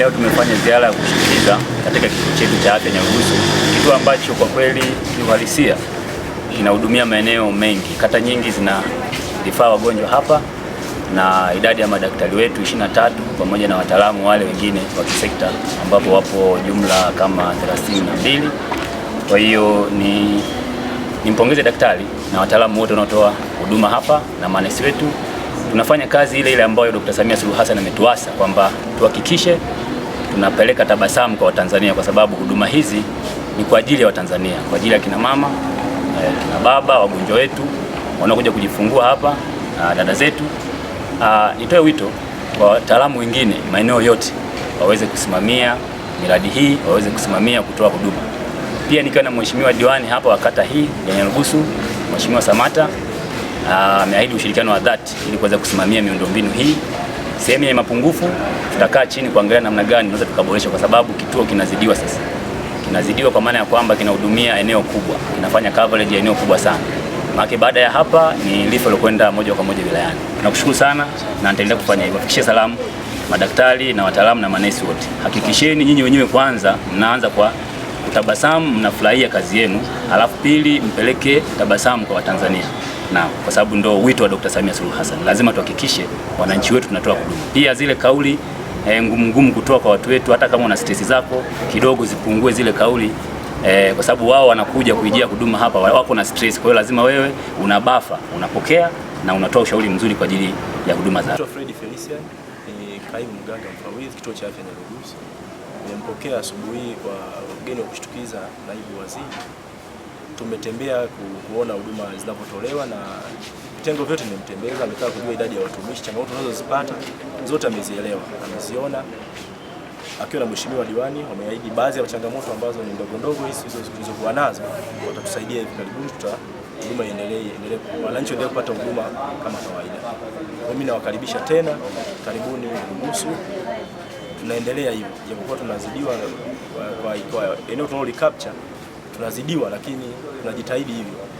Leo tumefanya ziara ya kushtukiza katika kituo chetu cha afya Nyarugusu, kituo ambacho kwa kweli kiuhalisia kinahudumia maeneo mengi. Kata nyingi zina vifaa wagonjwa hapa, na idadi ya madaktari wetu 23 pamoja na wataalamu wale wengine wa kisekta, ambapo wapo jumla kama 32. Kwa hiyo ni nimpongeze daktari na wataalamu wote wanaotoa huduma hapa na manesi wetu tunafanya kazi ile ile ambayo Dr. Samia Suluhu Hassan ametuasa kwamba tuhakikishe tunapeleka tabasamu kwa Watanzania, kwa sababu huduma hizi ni kwa ajili ya Watanzania, kwa ajili ya kina mama, eh, kina baba, wagonjwa wetu wanaokuja kujifungua hapa, na dada zetu. Ah, nitoe wito kwa wataalamu wengine maeneo yote waweze kusimamia miradi hii, waweze kusimamia kutoa huduma. Pia nikiwa na mheshimiwa diwani hapa wa kata hii ya Nyarugusu, Mheshimiwa Samata ameahidi ushirikiano wa dhati ili kuweza kusimamia miundombinu hii. Sehemu ya mapungufu tutakaa chini kuangalia namna gani tunaweza tukaboresha, kwa sababu kituo kinazidiwa sasa, kinazidiwa kwa maana ya kwamba kinahudumia eneo kubwa, kinafanya coverage ya eneo kubwa sana. Maana baada ya hapa ni lifo lokwenda moja kwa moja wilayani. Nakushukuru sana na nitaendelea kufanya hivyo. Hakikisha salamu madaktari na wataalamu na manesi wote, hakikisheni nyinyi wenyewe kwanza mnaanza kwa tabasamu, mnafurahia kazi yenu, alafu pili mpeleke tabasamu kwa Watanzania na kwa sababu ndio wito wa Dr. Samia Suluhu Hassan, lazima tuhakikishe wananchi wetu tunatoa huduma. Pia zile kauli eh, ngumu ngumu kutoa kwa watu wetu, hata kama una stress zako kidogo zipungue zile kauli eh, kwa sababu wao wanakuja kuijia huduma hapa, wako na stress. Kwa hiyo lazima wewe una bafa, unapokea na unatoa ushauri mzuri kwa ajili ya huduma za kaimu mganga mfawidhi kituo cha afya Nyarugusu. Nimempokea asubuhi kwa wageni wa kushtukiza naibu waziri tumetembea kuona huduma zinavyotolewa na vitengo vyote nimemtembeza, ametaka kujua idadi ya watumishi, changamoto tunazozipata zote amezielewa, ameziona. Akiwa na mheshimiwa diwani, wameahidi baadhi ya changamoto ambazo ni ndogo ndogo hizi zilizokuwa nazo watatusaidia hivi karibuni, tuta huduma iendelee, endelee, wananchi waendelee kupata huduma kama kawaida. Mimi nawakaribisha tena, karibuni Bubusu, tunaendelea hivyo japokuwa tunazidiwa kwa eneo tunalo recapture tunazidiwa, lakini tunajitahidi hivyo.